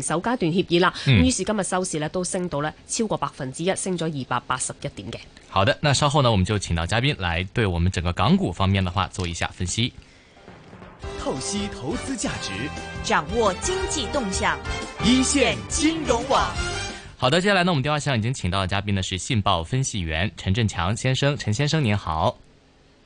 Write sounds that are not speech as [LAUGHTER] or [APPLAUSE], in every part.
首階段協議啦，於、嗯、是今日收市呢都升到呢超過百分之一，升咗二百八十一點嘅。好的，那稍後呢我們就請到嘉賓來對我們整個港股方面的話做一下分析，透析投資價值，掌握經濟動向，一線金融網。好的，接下來呢我們電話線已經請到的嘉賓呢是信報分析員陳振強先生，陳先生您好。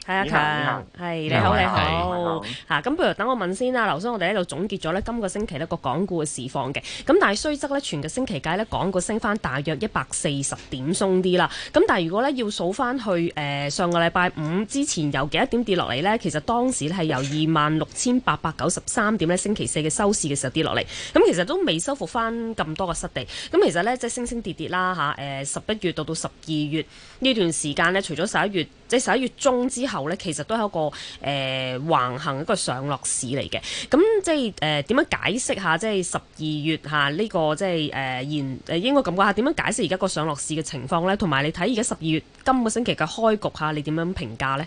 係啊，強，係你好，你好。咁不如等我問先啦，劉生，我哋喺度總結咗呢今個星期呢個港股嘅市況嘅。咁但係雖則呢，全個星期計呢，港股升翻大約一百四十點，鬆啲啦。咁但係如果呢，要數翻去誒上個禮拜五之前有幾多點跌落嚟呢？其實當時呢係由二萬六千八百九十三點呢星期四嘅收市嘅時候跌落嚟。咁其實都未收復翻咁多個失地。咁其實呢，即係升升跌跌啦嚇。誒十一月到到十二月呢段時間呢，除咗十一月。即係十一月中之後咧，其實都係一個誒、呃、橫行的一個上落市嚟嘅。咁即係誒點樣解釋下？即係十二月嚇呢、啊這個即係誒現誒應該咁講下點樣解釋而家個上落市嘅情況咧？同埋你睇而家十二月今個星期嘅開局下、啊，你點樣評價咧？誒、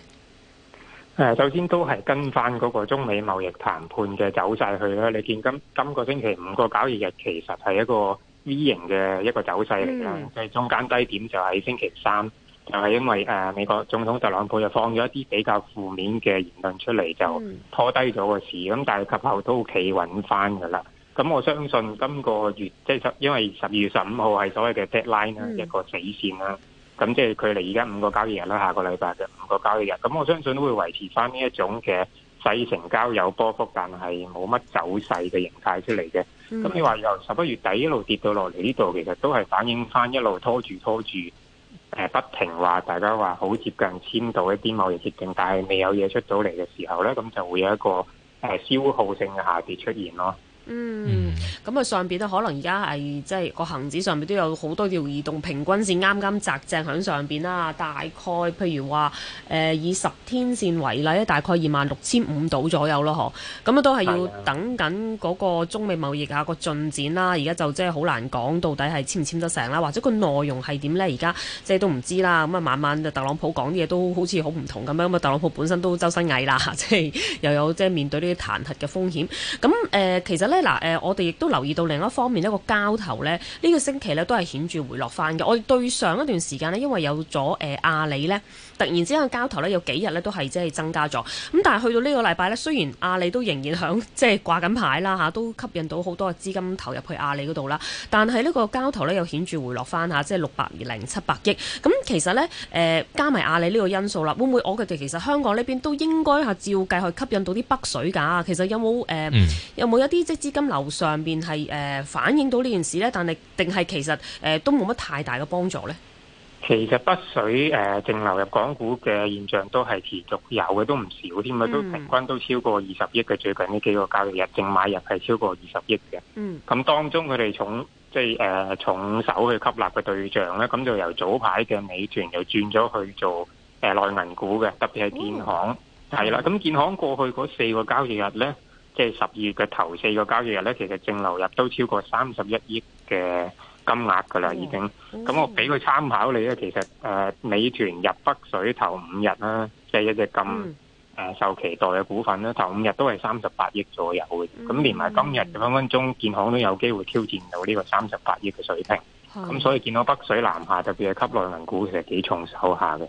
呃，首先都係跟翻嗰個中美貿易談判嘅走勢去啦。你見今今個星期五個交易日其實係一個 V 型嘅一個走勢嚟啦，即、嗯、係中間低點就係星期三。就係、是、因為誒、啊，美國總統特朗普就放咗一啲比較負面嘅言論出嚟，就拖低咗個市。咁、嗯、但係及後都企穩翻噶啦。咁我相信今個月即係十，因為十二月十五號係所謂嘅 deadline 啦、嗯，一個死線啦。咁即係距離而家五個交易日啦，下個禮拜嘅五個交易日。咁我相信都會維持翻呢一種嘅細成交有波幅，但係冇乜走勢嘅形態出嚟嘅。咁你話由十一月底一路跌到落嚟呢度，其實都係反映翻一路拖住拖住。誒不停話，大家話好接近簽到一啲貿易協定，但係未有嘢出到嚟嘅時候咧，咁就會有一個誒消耗性嘅下跌出現咯。嗯，咁、嗯、啊上邊咧，可能而家係即係個恆指上邊都有好多條移動平均線啱啱擳正響上邊啦。大概譬如話誒、呃、以十天線為例咧，大概二萬六千五度左右咯，嗬。咁啊都係要等緊嗰個中美貿易啊個進展啦。而家就即係好難講到底係簽唔簽得成啦，或者個內容係點咧？而家即係都唔知啦。咁啊，晚晚就特朗普講啲嘢都好似好唔同咁樣咁啊，特朗普本身都周身蟻啦，即 [LAUGHS] 係又有即係面對呢啲彈劾嘅風險，咁誒、呃、其實咧。嗱、啊，誒、呃，我哋亦都留意到另一方面呢、呢個交投咧呢、呢個星期呢都係顯著回落翻嘅。我哋對上一段時間呢，因為有咗誒、呃、阿里呢，突然之間嘅交投呢有幾日呢都係即係增加咗。咁但係去到呢個禮拜呢，雖然阿里都仍然響即係掛緊牌啦嚇、啊，都吸引到好多嘅資金投入去阿里嗰度啦。但係呢個交投呢又顯著回落翻嚇、啊，即係六百零七百億咁。其實咧，呃加埋阿里呢個因素啦，會唔會我覺得其實香港呢邊都應該係照計去吸引到啲北水㗎？其實有冇有冇、呃嗯、一啲即資金流上面係呃反映到呢件事咧？但係定係其實、呃、都冇乜太大嘅幫助咧？其實北水誒淨、呃、流入港股嘅現象都係持續有嘅，都唔少添嘅、嗯，都平均都超過二十億嘅。最近呢幾個交易日淨買入係超過二十億嘅。嗯，咁當中佢哋重即係誒、呃、重手去吸納嘅對象咧，咁就由早排嘅美團又轉咗去做誒、呃、內銀股嘅，特別係建行係、嗯、啦。咁建行過去嗰四個交易日咧，即係十二月嘅頭四個交易日咧，其實淨流入都超過三十一億嘅。金額噶啦，已經咁我俾佢參考你咧，其實誒美團入北水頭五日啦，即係一隻咁誒受期待嘅股份啦。頭五日都係三十八億左右嘅，咁連埋今日就分分鐘建行都有機會挑戰到呢個三十八億嘅水平，咁所以見到北水南下，特別係吸內銀股其實幾重手下嘅。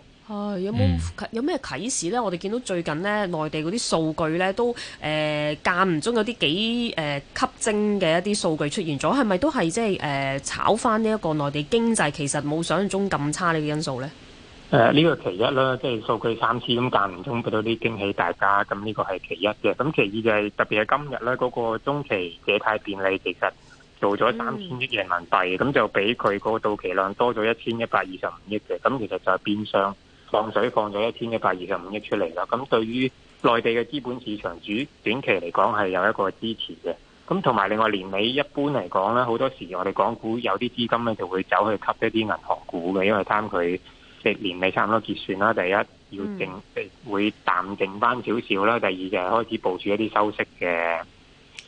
有冇有咩啟示咧？我哋見到最近咧內地嗰啲數據咧都誒、呃、間唔中有啲幾誒吸睛嘅一啲數據出現咗，係咪都係即係誒炒翻呢一個內地經濟其實冇想象中咁差呢個因素咧？誒、呃、呢、呢個係其一啦，即係數據三千咁、嗯、間唔中俾到啲驚喜大家，咁、嗯、呢個係其一嘅。咁其二就係、是、特別係今日咧嗰個中期借貸便利，其實做咗三千億人民幣，咁、嗯、就比佢嗰個到期量多咗一千一百二十五億嘅，咁其實就係變相放水放咗一千一百二十五億出嚟啦，咁對於內地嘅資本市場主短期嚟講係有一個支持嘅，咁同埋另外年尾一般嚟講咧，好多時我哋港股有啲資金咧就會走去吸一啲銀行股嘅，因為貪佢即年尾差唔多結算啦，第一要定會淡靜返少少啦，第二就係開始部署一啲收息嘅。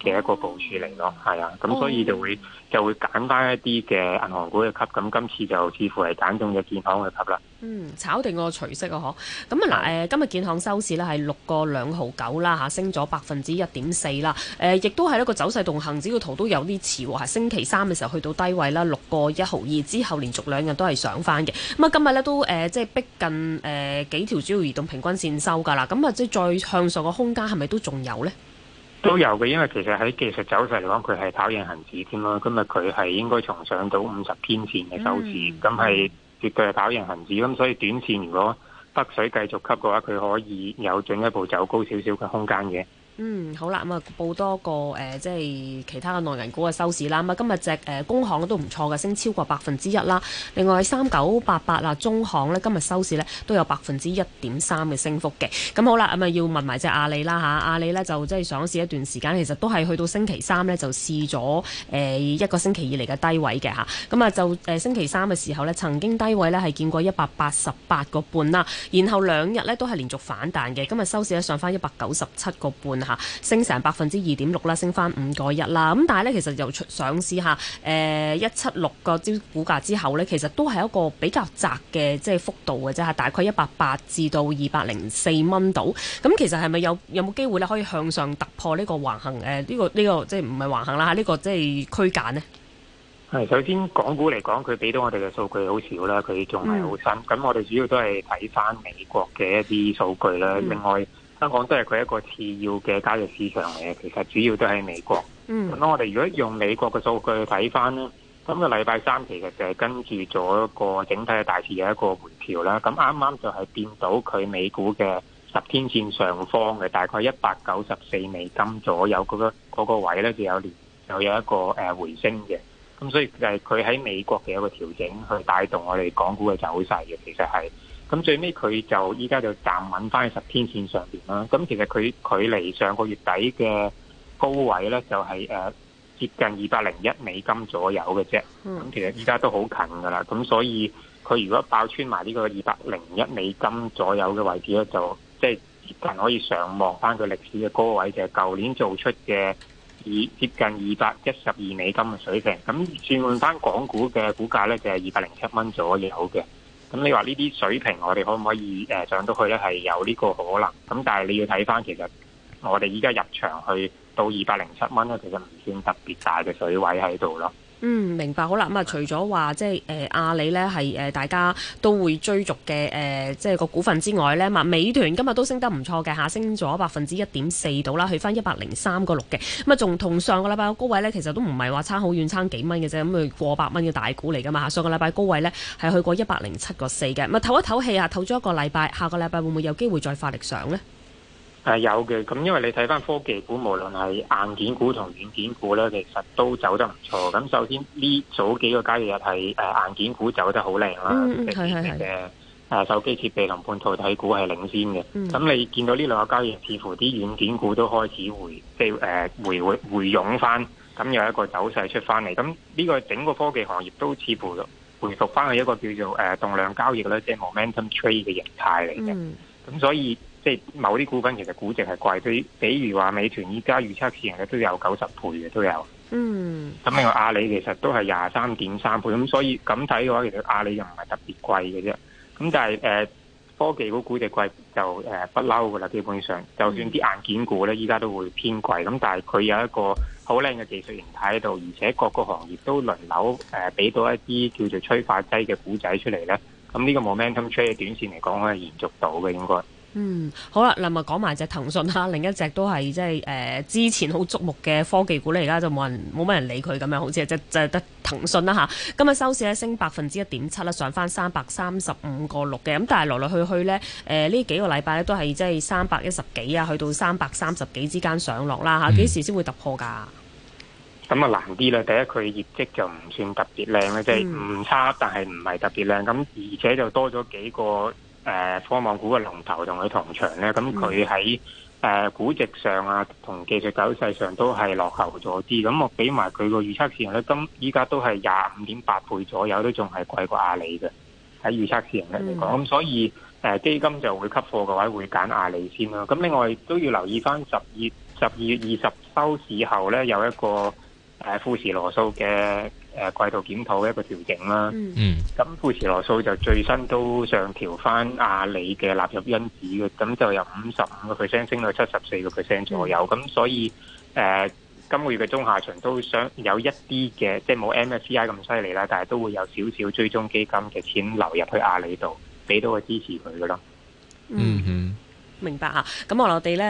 嘅一個部署嚟咯，係啊，咁所以就會就會簡單一啲嘅銀行股嘅吸，咁今次就似乎係揀中咗建行嘅吸啦。嗯，炒定個除息啊，嗬。咁啊嗱，誒今日建行收市呢係六個兩毫九啦，嚇、啊，升咗百分之一點四啦。誒，亦都係一個走勢同恒指嘅圖都有啲似喎，係、啊、星期三嘅時候去到低位啦，六個一毫二之後連續兩日都係上翻嘅。咁啊，今日呢都誒、呃、即係逼近誒、呃、幾條主要移動平均線收㗎啦。咁啊，即係再向上嘅空間係咪都仲有呢？都有嘅，因為其實喺技術走勢嚟講，佢係跑贏恒指添啦。今日佢係應該從上到五十天線嘅走勢，咁、嗯、係絕對係跑贏恒指。咁所以短線如果北水繼續吸嘅話，佢可以有進一步走高少少嘅空間嘅。嗯，好啦，咁、嗯、啊報多個誒、呃，即係其他嘅內銀股嘅收市啦。咁、嗯、啊今日隻誒工行都唔錯嘅，升超過百分之一啦。另外三九八八啊，中行呢今日收市呢都有百分之一點三嘅升幅嘅。咁、嗯、好啦，咁、嗯、啊要問埋隻阿里啦吓，阿、啊啊、里呢就即係上市一段時間，其實都係去到星期三呢就試咗誒一個星期以嚟嘅低位嘅吓。咁啊、嗯、就誒、呃、星期三嘅時候呢曾經低位呢係見過一百八十八個半啦，然後兩日呢都係連續反彈嘅，今日收市呢上翻一百九十七個半。升成百分之二點六啦，升翻五個一啦。咁但係咧，其實又想試下，誒一七六個招股價之後咧，其實都係一個比較窄嘅即係幅度嘅啫，吓大概一百八至到二百零四蚊度。咁其實係咪有有冇機會咧，可以向上突破呢個橫行？誒、這、呢個呢、這個即係唔係橫行啦吓，呢、這個即係區間呢。係首先港股嚟講，佢俾到我哋嘅數據好少啦，佢仲係好新。咁、嗯、我哋主要都係睇翻美國嘅一啲數據啦。另外。香港都係佢一個次要嘅交易市場嚟嘅，其實主要都喺美國。咁、嗯、我哋如果用美國嘅數據睇翻咧，今個禮拜三其實就係跟住咗一個整體嘅大市有一個回調啦。咁啱啱就係變到佢美股嘅十天線上方嘅大概一百九十四美金左右嗰、嗰個位咧，就有連就有一個誒回升嘅。咁所以就誒，佢喺美國嘅一個調整去帶動我哋港股嘅走勢嘅，其實係。咁最尾，佢就依家就站穩翻去十天線上邊啦。咁其實佢距離上個月底嘅高位咧，就係、啊、接近二百零一美金左右嘅啫。咁其實依家都好近噶啦。咁所以佢如果爆穿埋呢個二百零一美金左右嘅位置咧，就即係接近可以上望翻佢歷史嘅高位，就係舊年做出嘅以接近二百一十二美金嘅水平。咁轉換翻港股嘅股價咧，就係二百零七蚊左右嘅。咁你話呢啲水平，我哋可唔可以誒上到去呢？係有呢個可能。咁但係你要睇翻，其實我哋依家入場去到二百零七蚊，我哋其實唔算特別大嘅水位喺度咯。嗯，明白好啦。咁、嗯、啊，除咗話即係誒阿里呢係誒、呃、大家都會追逐嘅誒，即、呃、係、即係、個股份之外呢，嘛，美團今日都升得唔錯嘅，下升咗百分之一點四到啦，去翻一百零三個六嘅。咁啊，仲、嗯、同上個禮拜嘅高位呢，其實都唔係話差好遠，差幾蚊嘅啫。咁佢過百蚊嘅大股嚟噶嘛，上個禮拜高位呢，係去過107 .4 嘅、嗯、一百零七個四嘅。咁啊，唞一唞氣啊，唞咗一個禮拜，下個禮拜會唔會有機會再發力上呢？係有嘅，咁因為你睇翻科技股，無論係硬件股同軟件股咧，其實都走得唔錯。咁首先呢早幾個交易日係誒硬件股走得好靚啦，係係係誒手機設備同半導體股係領先嘅。咁、嗯、你見到呢兩個交易，似乎啲軟件股都開始回即係誒、呃、回回回湧翻，咁有一個走勢出翻嚟。咁呢個整個科技行業都似乎回覆翻去一個叫做誒、呃、動量交易咧，即係 momentum trade 嘅形態嚟嘅。咁、嗯、所以即係某啲股份其實估值係貴啲，比如話美團依家預測市盈率都有九十倍嘅都有。嗯，咁另外阿里其實都係廿三點三倍，咁所以咁睇嘅話，其實阿里又唔係特別貴嘅啫。咁但係誒、呃、科技股估值貴就誒不嬲噶啦，基本上就算啲硬件股咧依家都會偏貴。咁但係佢有一個好靚嘅技術形態喺度，而且各個行業都輪流誒俾、呃、到一啲叫做催化劑嘅股仔出嚟咧。咁呢個 momentum trade 嘅短線嚟講，可延續到嘅應該。嗯，好啦，嗱，咪講埋隻騰訊啦，另一隻都係即係誒之前好矚目嘅科技股咧，而家就冇人冇咩人理佢咁樣，好似即係就得騰訊啦吓，今日收市咧升百分之一點七啦，上返三百三十五個六嘅，咁但係來來去去咧誒呢幾個禮拜咧都係即係三百一十幾啊，去到三百三十幾之間上落啦吓，嗯、幾時先會突破㗎？咁啊難啲啦，第一佢業績就唔算特別靚啦，即係唔差，嗯、但係唔係特別靚咁，而且就多咗幾個。誒科網股嘅龍頭同佢同場咧，咁佢喺誒估值上啊，同技術走勢上都係落後咗啲。咁我俾埋佢個預測市盈率，今依家都係廿五點八倍左右，都仲係貴過阿里嘅喺預測市盈率嚟講。咁、嗯、所以誒、呃、基金就會吸貨嘅話，會揀阿里先啦，咁另外都要留意返十二十二月二十收市後咧有一個誒、呃、富時羅素嘅。誒季度檢討一個調整啦，咁、嗯、富時羅素就最新都上調翻阿里嘅納入因子嘅，咁就由五十五個 percent 升到七十四個 percent 左右，咁、嗯、所以誒、呃、今個月嘅中下旬都想有一啲嘅，即係冇 MSCI 咁犀利啦，但係都會有少少追蹤基金嘅錢流入去阿里度，俾到個支持佢噶咯。嗯，嗯明白啊，咁我哋呢，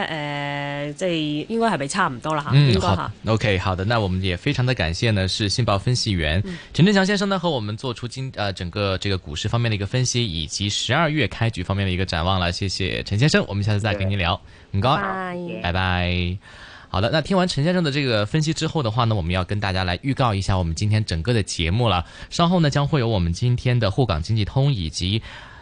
誒，即係應該係咪差唔多啦吓，應該 OK，好的，那我們也非常的感謝呢，是信報分析員、嗯、陳鎮強先生呢，和我們做出今、呃，整個這個股市方面的一個分析，以及十二月開局方面的一個展望了。謝謝陳先生，我們下次再跟您聊，很高興，拜拜。好的，那聽完陳先生的這個分析之後的話呢，我們要跟大家來預告一下我們今天整個的節目了。稍後呢，將會有我們今天的滬港經濟通以及。